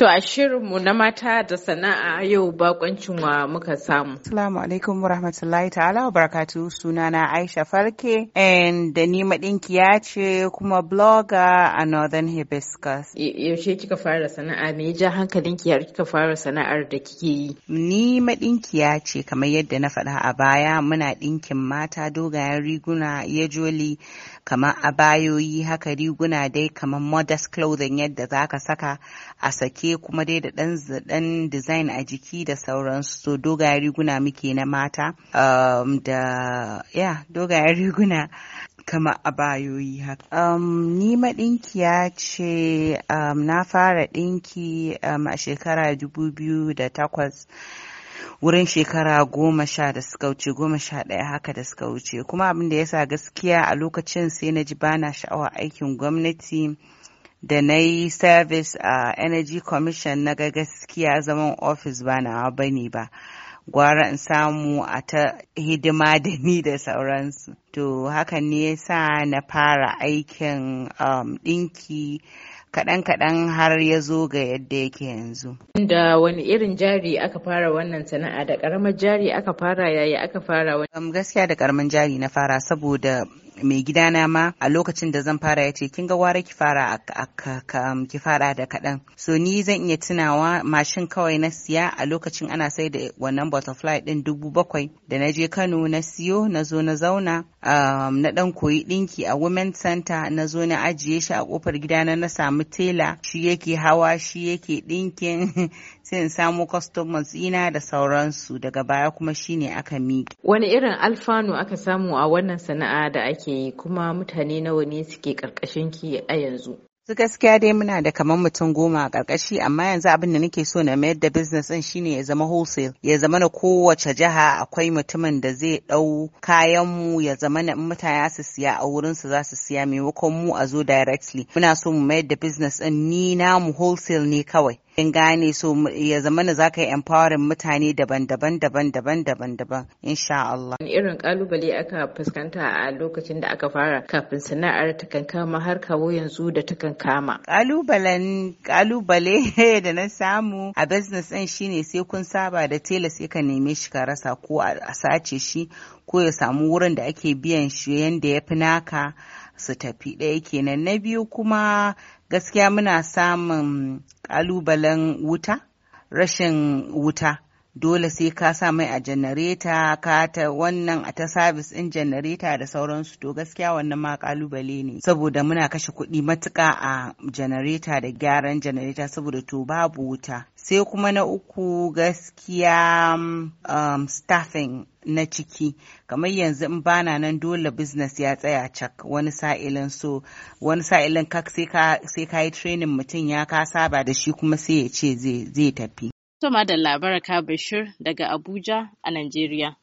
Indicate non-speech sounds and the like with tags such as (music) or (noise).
To a shirinmu na mata da sana'a yau bakoncin wa muka samu. Assalamu alaikum rahmatullahi ta'ala wa barakatu sunana Aisha Farke and da ni ya ce kuma blogger a Northern Hibiscus. Yaushe kika fara sana'a me ya ja hankalinki har kika fara sana'ar da kike yi? Ni ya ce kamar yadda na faɗa a baya muna ɗinkin mata dogayen riguna ya joli kamar abayoyi haka riguna dai kamar modest clothing yadda zaka saka a sake dai kuma dai da dan zaɗan design a jiki da sauransu so dogayen riguna muke na mata um, da ya dogayen riguna kama a bayoyi haka. Um, ni maɗinkiya ce um, na fara ɗinki um, a shekara dubu biyu da takwas wurin shekara goma sha da suka wuce goma sha ɗaya haka da suka wuce kuma abin da ya sa gaskiya a lokacin sai na ji bana sha'awa aikin gwamnati da na yi service a energy commission na ga gaskiya zaman ofis ba na bane ba gwara in samu a ta hidima (laughs) da ni da sauransu to hakan ne ya sa na fara aikin um, ɗinki kaɗan-kaɗan har ya zo ga yadda yake yanzu. Inda wani irin jari aka fara wannan sana'a da ƙaramar jari aka fara yaya aka fara wani? Um, gaskiya da ƙaramin jari na fara saboda mai gidana ma a lokacin da zan fara ya ce kin ga ware ki fara ki fara da kaɗan so ni zan iya tunawa mashin kawai na siya a lokacin ana sai da wannan butterfly ɗin dubu bakwai da na je kano na siyo na zo na zauna um, na ɗan koyi ɗinki a women center na zo na ajiye shi a kofar gidana na samu tela shi yake hawa shi yake ɗinkin (laughs) sai in samu customers ina da sauransu daga baya kuma shine aka miƙe wani irin alfanu aka samu a wannan sana'a da ake kike yi kuma mutane nawa ne suke karkashin ki a yanzu su gaskiya dai muna da kamar mutum goma a karkashi amma yanzu abin da nake so na mayar da business din shine ya zama wholesale ya zama na kowace jiha akwai mutumin da zai dau kayan mu ya zama na mutane su siya a wurin su za su siya maimakon mu a zo directly muna so mu mayar da business din ni namu wholesale ne kawai in gane so ya zama na zaka yi empowering mutane daban-daban daban-daban daban-daban insha Allah irin kalubale aka fuskanta a lokacin da aka fara kafin sana'ar ta kan har kawo yanzu da ta kan kama kalubale (laughs) da na samu a business din shine sai kun saba da tela sai ka neme shi ka rasa ko a sace shi ko ya samu wurin da ake biyan shi yanda ya fi naka su tafi ɗaya kenan na biyu kuma gaskiya muna samun ƙalubalen wuta rashin wuta dole sai ka sa mai a janareta ka ta wannan a ta sabis ɗin janareta da sauransu to gaskiya wannan ma kalubale ne saboda muna kashe kuɗi matuka a janareta da gyaran janareta saboda to babu wuta sai kuma na uku gaskiya um, staffing na ciki kamar yanzu in bana nan dole business ya tsaya cak wani sa'ilin so wani sa'ilin sai ka yi training mutum ya kasa ba da shi kuma sai ya ce zai tafi To da Baraka Bashir daga Abuja a Najeriya.